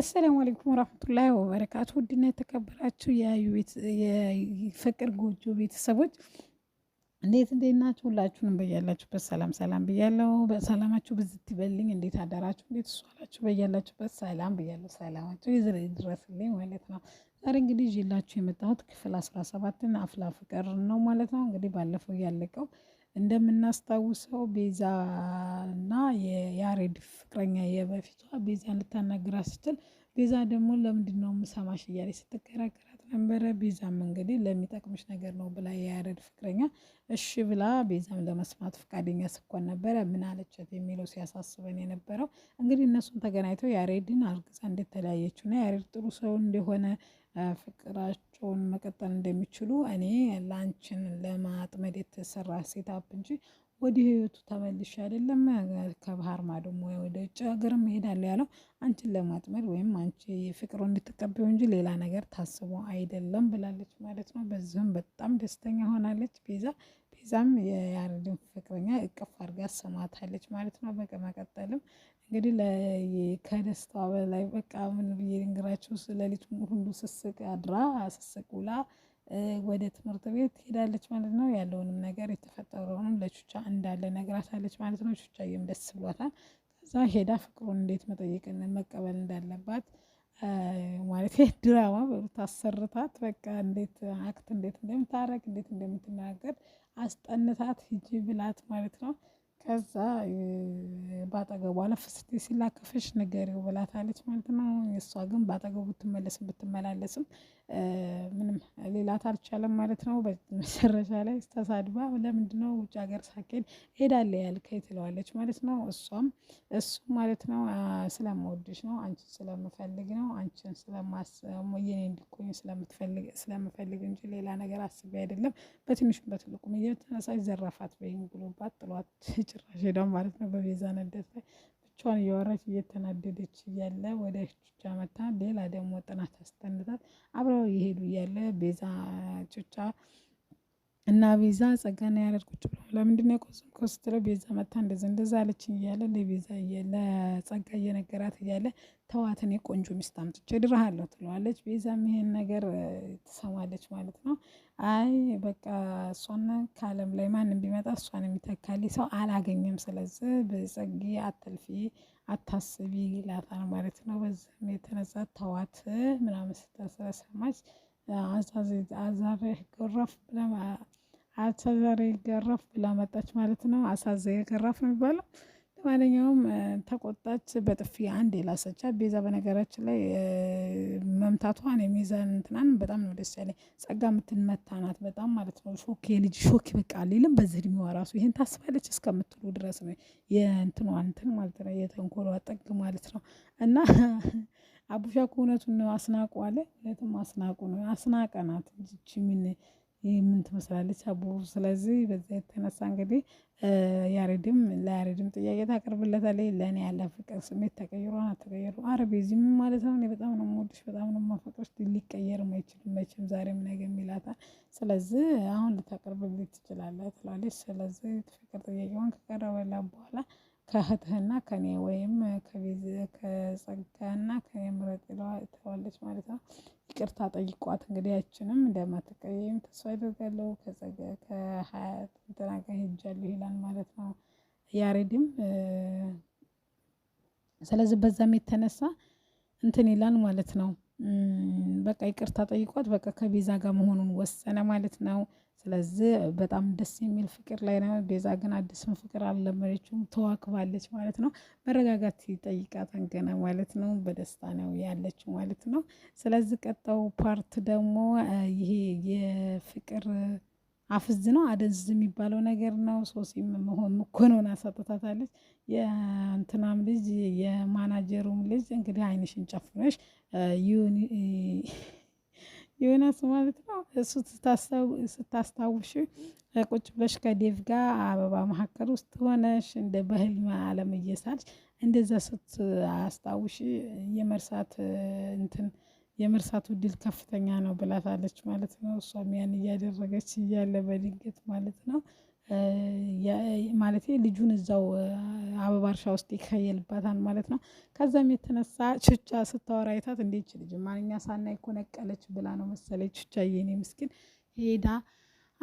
አሰላሙ አለይኩም ወራህመቱላሂ ወበረካቱ። ውድና የተከበራችሁ የፍቅር ጎጆ ቤተሰቦች እንዴት እንዴት ናችሁ? ሁላችሁንም በያላችሁበት ሰላም ሰላም ብያለሁ። በሰላማችሁ ብዝት ይበልኝ። እንዴት አደራችሁ? እንዴት እሷላችሁ? በያላችሁበት ሰላም ብያለሁ። ሰላማችሁ ይዝረ ይድረስልኝ ማለት ነው። ዛሬ እንግዲህ ይዤላችሁ የመጣሁት ክፍል አስራ ሰባትን አፍላ ፍቅር ነው ማለት ነው። እንግዲህ ባለፈው ያለቀው እንደምናስታውሰው ቤዛ እና የያሬድ ፍቅረኛ የበፊቷ ቤዛ ልታናግራ ስትል ቤዛ ደግሞ ለምንድን ነው ምሰማሽ እያለች ስትከራከራት ነበረ። ቤዛም እንግዲህ ለሚጠቅምሽ ነገር ነው ብላ የያሬድ ፍቅረኛ እሺ ብላ ቤዛም ለመስማት ፈቃደኛ ስኮን ነበረ። ምን አለቻት የሚለው ሲያሳስበን የነበረው እንግዲህ እነሱን ተገናኝተው ያሬድን አርግዛ እንደተለያየችው እና ያሬድ ጥሩ ሰው እንደሆነ ፍቅራቸው ጨውን መቀጠል እንደሚችሉ እኔ ላንችን ለማጥመድ የተሰራ ሴታፕ እንጂ ወደ ህይወቱ ተመልሽ አይደለም። ከባህር ማዶ ወደ ውጭ ሀገርም እሄዳለሁ ያለው አንቺን ለማጥመድ ወይም አንቺ ፍቅሩ እንድትቀበዩ እንጂ ሌላ ነገር ታስቦ አይደለም ብላለች ማለት ነው። በዚህም በጣም ደስተኛ ሆናለች ቤዛ። ቤዛም የያሬድን ፍቅረኛ እቅፍ አድርጋ ሰማታለች ማለት ነው። በመቀጠልም እንግዲህ ከደስታ በላይ በቃ ምን ብዬ ልንገራችሁ? ስለሊቱ ሁሉ ስስቅ አድራ ስስቅ ውላ ወደ ትምህርት ቤት ሄዳለች ማለት ነው። ያለውንም ነገር የተፈጠረውንም ለቹቻ እንዳለ ነግራታለች ማለት ነው። ቹቻዬም ደስ ብሏታል። ከዛ ሄዳ ፍቅሩን እንዴት መጠየቅን መቀበል እንዳለባት ማለት ድራማ ታሰርታት በቃ እንዴት አክት እንዴት እንደምታረግ እንዴት እንደምትናገር አስጠንታት ሂጂ ብላት ማለት ነው። ከዛ ባጠገቡ አለፍ ስትይ ሲላከፈሽ ንገሪው ብላታለች ማለት ነው። እሷ ግን ባጠገቡ ብትመለስም ብትመላለስም ምንም ሌላት አልቻለም ማለት ነው። መጨረሻ ላይ ተሳድባ ለምንድነው ውጭ ሀገር ሳኬን ሄዳለ ያልከ ትለዋለች ማለት ነው። እሷም እሱ ማለት ነው ስለምወድሽ ነው፣ አንቺን ስለምፈልግ ነው፣ አንቺን ስለማስሞየን እንዲቆኝ ስለምፈልግ እንጂ ሌላ ነገር አስቤ አይደለም። በትንሹ በትልቁም እየተነሳች ዘራፋት በይኝ ብሎባት ጥሏት ጭራሽ ሄዷን ማለት ነው በቤዛ ነደፍ ላይ ብቻዋን እያወራች እየተናደደች እያለ ወደ ቹቻ መታ ሌላ ደግሞ ጥናት አስጠንታት አብረው እየሄዱ እያለ ቤዛ ቹቻ እና ቤዛ ጸጋና ያሬድ ቁጭ ብሎ ለምንድን የቆዝምከው ስትለው ቤዛ መታ እንደዚ እንደዛ አለችኝ እያለ ለቤዛ ለጸጋ እየነገራት እያለ ተዋት እኔ ቆንጆ ሚስት አምጥቼ እድርሃለሁ ትለዋለች። ቤዛም ይሄን ነገር ትሰማለች ማለት ነው። አይ በቃ እሷና ከዓለም ላይ ማንም ቢመጣ እሷን የሚተካልኝ ሰው አላገኘም። ስለዚህ በጸጊ አትልፊ፣ አታስቢ ይላታል ማለት ነው። በዚህም የተነሳ ተዋት ምናምን ስታስበሰማች አዛሬ ጎረፍ አሳ ዛሬ ገረፍ ብላ መጣች ማለት ነው። አሳዘ ዘየ ገረፍ ነው የሚባለው። ለማንኛውም ተቆጣች፣ በጥፊ አንድ የላሰቻ ቤዛ። በነገራችን ላይ መምታቷን የሚዛን እንትናን በጣም ነው ደስ ያለኝ። ጸጋ የምትመታ በጣም ማለት ነው። ሾክ የልጅ ሾክ በቃ ሌልም በዚህ እድሜዋ ራሱ ይህን ታስባለች እስከምትሉ ድረስ ነው የእንትኗ እንትን ማለት ነው፣ የተንኮሏ ጠግ ማለት ነው እና አቡሻ እውነቱን ነው አስናቁ አለ። እውነትም አስናቁ ነው አስናቀናት ምን ምን ትመስላለች አቦ። ስለዚህ በዛ የተነሳ እንግዲህ ያሬድም ለያሬድም ጥያቄ ታቀርብለታለች። ለእኔ ያለ ፍቅር ስሜት ተቀይሮ ተቀይሮ አረቤ ዚህም ማለት ነው። በጣም ነው የምወድሽ፣ በጣም ነው የማፈቅርሽ፣ ሊቀየር አይችልም መቼም፣ ዛሬም ነገ ይላታል። ስለዚህ አሁን ልታቀርብልኝ ትችላለህ ትላለች። ስለዚህ ፍቅር ጥያቄውን ከቀረበላ በኋላ ከእህትህና ከኔ ወይም ከጸጋና ከኔ ምረጥ ትለዋለች ማለት ነው። ይቅርታ ጠይቋት። እንግዲህ ያችንም እንደማትቀየም ተስፋ አደርጋለሁ። ከሀያት ተናጋ ሄጃለሁ ይላል ማለት ነው ያሬድም። ስለዚህ በዛም የተነሳ እንትን ይላል ማለት ነው በቃ ይቅርታ ጠይቋት በቃ ከቤዛ ጋር መሆኑን ወሰነ ማለት ነው። ስለዚህ በጣም ደስ የሚል ፍቅር ላይ ነው። ቤዛ ግን አዲስም ፍቅር አልለመደችውም፣ ተዋክባለች ማለት ነው። መረጋጋት ይጠይቃታን ገና ማለት ነው። በደስታ ነው ያለችው ማለት ነው። ስለዚህ ቀጣው ፓርት ደግሞ ይሄ የፍቅር አፍዝ ነው አደዝ የሚባለው ነገር ነው። ሶሲም መሆን ምኮኖን አሳጥታታለች። የእንትናም ልጅ የማናጀሩም ልጅ እንግዲህ አይንሽን ጨፍነሽ ዮናስ ማለት ነው። እሱ ስታስታውሽ ቁጭ ብለሽ ከዴቭ ጋር አበባ መካከል ውስጥ ሆነሽ እንደ በህልም አለም እየሳልሽ እንደዛ ስት አስታውሽ የመርሳት እንትን የመርሳቱ እድል ከፍተኛ ነው ብላታለች ማለት ነው። እሷም ያን እያደረገች እያለ በድንገት ማለት ነው ማለት ልጁን እዛው አበባ እርሻ ውስጥ ይካየልባታል ማለት ነው። ከዛም የተነሳ ቹቻ ስታወራ አይታት እንዴ ይች ልጅ ማንኛ ሳና ይኮነቀለች ብላ ነው መሰለኝ ቹቻ የኔ ምስኪን ሄዳ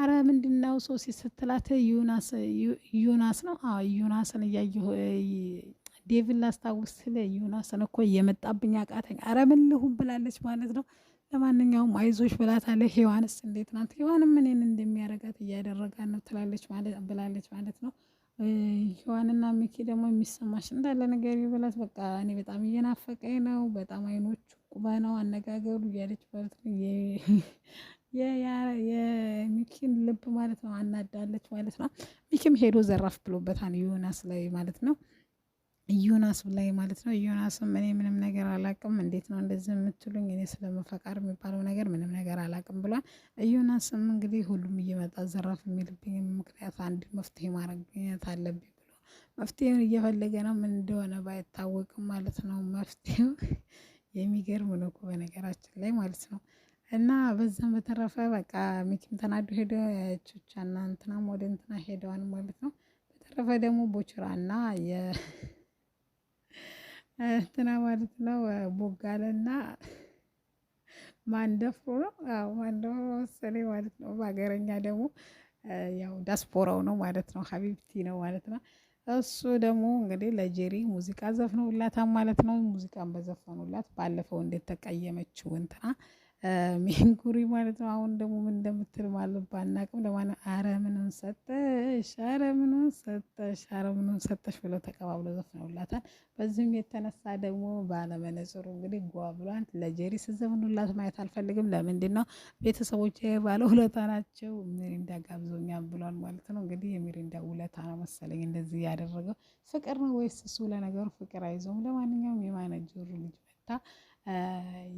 አረ ምንድን ነው ሶሲ ስትላት ዩናስ ነው ዩናስን እያየ ዴቪን ላስታውስ ስለ ዮናስን እኮ የመጣብኝ አቃተኝ አረምልሁም ብላለች ማለት ነው። ለማንኛውም አይዞች ብላታለ። ሔዋንስ እንዴት ናት? ሔዋንም ምንን እንደሚያረጋት እያደረጋ ነው ትላለች ብላለች ማለት ነው። ሔዋንና ሚኪ ደግሞ የሚሰማሽ እንዳለ ነገር ብላት፣ በቃ እኔ በጣም እየናፈቀኝ ነው፣ በጣም አይኖቹ ነው አነጋገሩ እያለች ማለት ነው የሚኪን ልብ ማለት ነው አናዳለች ማለት ነው። ሚኪም ሄዶ ዘራፍ ብሎበታል ዮናስ ላይ ማለት ነው። ዮናስ ላይ ማለት ነው። ዮናስም እኔ ምንም ነገር አላቅም፣ እንዴት ነው እንደዚህ የምትሉኝ? እኔ ስለመፈቃር የሚባለው ነገር ምንም ነገር አላቅም ብሏል። ዮናስም እንግዲህ ሁሉም እየመጣ ዘራፍ የሚልብኝ ምክንያት አንድ መፍትሄ ማግኘት አለብኝ ብሎ መፍትሄውን እየፈለገ ነው። ምን እንደሆነ ባይታወቅም ማለት ነው። መፍትሄው የሚገርም ነው እኮ በነገራችን ላይ ማለት ነው። እና በዛም በተረፈ በቃ ሚኪም ተናዱ ሄደ። ቹቻና እንትናም ወደ እንትና ሄደዋን ማለት ነው። በተረፈ ደግሞ ቦችራና እንትና ማለት ነው ቦጋለና ማንደፍሮ ነው። ማንደፍሮ መሰለኝ ማለት ነው። በሀገረኛ ደግሞ ያው ዳስፖራው ነው ማለት ነው። ሀቢብቲ ነው ማለት ነው። እሱ ደግሞ እንግዲህ ለጄሪ ሙዚቃ ዘፍነውላታ ማለት ነው። ሙዚቃን በዘፈኑላት ባለፈው እንዴት ተቀየመችው እንትና ሜንጉሪ ማለት ነው። አሁን ደግሞ ምን እንደምትል ማለት ባናቅም፣ ለማን አረ ምኑን ሰጠሽ፣ አረ ምኑን ሰጠሽ፣ አረ ምኑን ሰጠሽ ብለው ተቀባብሎ ዘፍነውላታል። በዚህም የተነሳ ደግሞ ባለመነጽሩ እንግዲህ ጓብሏን ለጄሪ ስዘፍኑላት ማየት አልፈልግም። ለምንድን ነው ቤተሰቦች ባለ ውለታ ናቸው፣ ሚሪንዳ ጋብዞኛል ብሏል ማለት ነው። እንግዲህ የሚሪንዳ ውለታ ነው መሰለኝ እንደዚህ ያደረገው። ፍቅር ነው ወይስ እሱ? ለነገሩ ፍቅር አይዞም። ለማንኛውም የማነጀሩ ልጅ ሩታ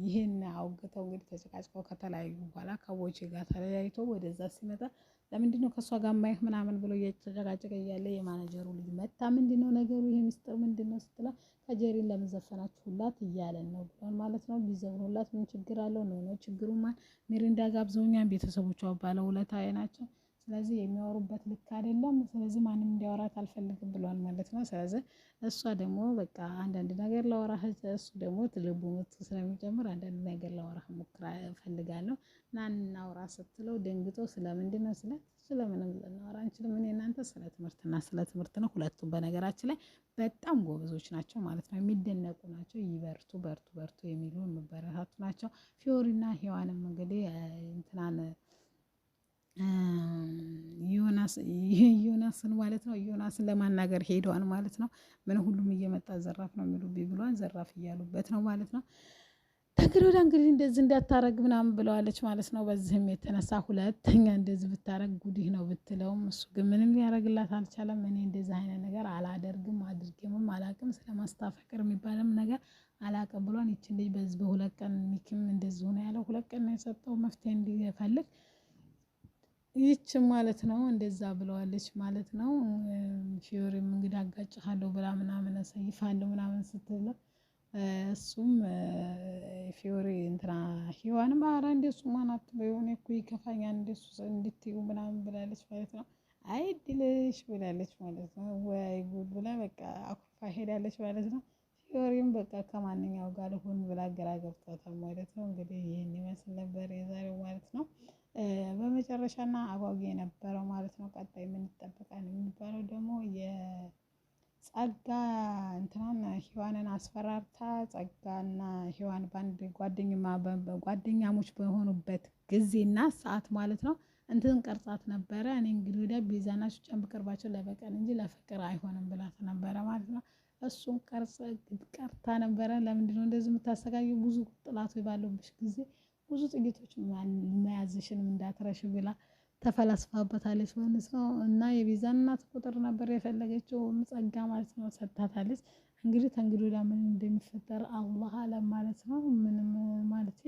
ይህን አውግተው እንግዲህ ተጨቃጭቀው ከተለያዩ በኋላ ከቦቼ ጋር ተለያይቶ ወደዛ ሲመጣ ለምንድን ነው ከእሷ ጋር ማይህ ምናምን ብሎ እየተጨቃጨቀ እያለ የማናጀሩ ልጅ መታ ምንድን ነው ነገሩ? ይሄ ምስጢር ምንድን ነው ስትላ ከጀሪን ለምዘፈናችሁላት እያለን ነው ብሏል ማለት ነው። ቢዘፍኑላት ምን ችግር አለው? ነው ነው ችግሩ ማን ሚሪንዳ ጋብዘውኛን ቤተሰቦቿ ባለውለታዬ ናቸው። ስለዚህ የሚያወሩበት ልክ አይደለም። ስለዚህ ማንም እንዲያወራት አልፈልግም ብሏል ማለት ነው። ስለዚህ እሷ ደግሞ በቃ አንዳንድ ነገር ላወራህ፣ እሱ ደግሞ ትልቡ ምት ስለሚጨምር አንዳንድ ነገር ላወራህ ሞክራ እፈልጋለሁ ና እናውራ ስትለው ደንግጦ ስለምንድን ነው ስለ ስለምንም ልናወራ አንችልም እኔ እናንተ ስለ ትምህርትና ስለ ትምህርት ነው። ሁለቱም በነገራችን ላይ በጣም ጎበዞች ናቸው ማለት ነው። የሚደነቁ ናቸው። ይበርቱ በርቱ በርቱ የሚሉ የሚበረታቱ ናቸው። ፊዮሪና ሔዋንም እንግዲህ እንትናን ዮናስን ማለት ነው። ዮናስን ለማናገር ሄደዋል ማለት ነው። ምን ሁሉም እየመጣ ዘራፍ ነው የሚሉብኝ ብሏን ዘራፍ እያሉበት ነው ማለት ነው። ተግሪ ወዲያ እንግዲህ እንደዚህ እንዳታረግ ምናምን ብለዋለች ማለት ነው። በዚህም የተነሳ ሁለተኛ እንደዚህ ብታረግ ጉዲህ ነው ብትለውም እሱ ግን ምንም ሊያደርግላት አልቻለም። እኔ እንደዚህ አይነት ነገር አላደርግም አድርጌምም አላቅም ስለማስታፈቅር የሚባልም ነገር አላቅም ብሏን ይችን ልጅ በዚህ በሁለት ቀን ሚኪም እንደዚህ ሆነ ያለው ሁለት ቀን ነው የሰጠው መፍትሄ እንዲፈልግ ይች ማለት ነው እንደዛ ብለዋለች ማለት ነው። ፊዮሪም እንግዲህ አጋጭሃለሁ ብላ ምናምን አሳይፋለሁ ምናምን ስትል እሱም ፊዮሪ እንትና ሂዋንም ኧረ እንደሱ ማናት በሆነ እኮ ይከፋኛል እንደሱ እንድትዩ ምናምን ብላለች ማለት ነው። አይድልሽ ብላለች ማለት ነው። ወይ ጉድ ብላ በቃ አኩርፋ ሄዳለች ማለት ነው። ፊዮሪም በቃ ከማንኛው ጋር ሁን ብላ ግራ ገብቷታል ማለት ነው። እንግዲህ ይህን ይመስል ነበር የዛሬው ማለት ነው። በመጨረሻና አጓጊ የነበረው ማለት ነው። ቀጣይ የምንጠብቃል የሚባለው ደግሞ የጸጋ እንትናን ሔዋንን አስፈራርታ ጸጋና ሔዋን በአንድ ጓደኛሞች በሆኑበት ጊዜና ሰዓት ማለት ነው እንትን ቀርጻት ነበረ። እኔ እንግዲህ ወደ ቤዛናችሁ ጨምቅርባቸው ለበቀል እንጂ ለፍቅር አይሆንም ብላት ነበረ ማለት ነው። እሱን ቀርጻ ቀርታ ነበረ። ለምንድነው እንደዚህ የምታሰቃዩ? ብዙ ጥላቶች ባለብሽ ጊዜ ብዙ ጥቂቶች መያዝሽንም እንዳትረሽ ብላ ተፈላስፋበታለች ማለት ነው። እና የቤዛ እናት ቁጥር ነበር የፈለገችው ጸጋ ማለት ነው ሰጥታታለች። እንግዲህ ተንግዶ ለምን እንደሚፈጠር አላህ አለም ማለት ነው። ምንም ማለት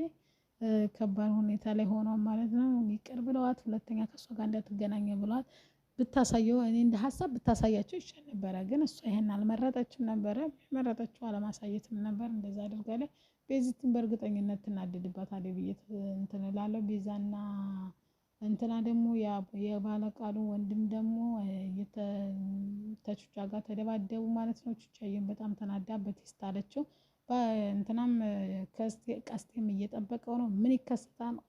ከባድ ሁኔታ ላይ ሆኗል ማለት ነው። ይቅር ብለዋት፣ ሁለተኛ ከእሷ ጋር እንዳትገናኘ ብለዋት። ብታሳየው እኔ እንደ ሀሳብ ብታሳያቸው ይሻል ነበረ፣ ግን እሷ ይሄን አልመረጠችም ነበረ። መረጠችው አለማሳየትም ነበር እንደዛ አድርጋ ቤዚትን በእርግጠኝነት ትናደድባታለች ብዬ እንትን እላለሁ። ቤዛና እንትና ደግሞ የባለቃሉ ወንድም ደግሞ ተቹቻ ጋር ተደባደቡ ማለት ነው። ቹቻዬን በጣም ተናዳ ተናዳበት አለችው። እንትናም ቀስቴም እየጠበቀው ነው። ምን ይከሰታል?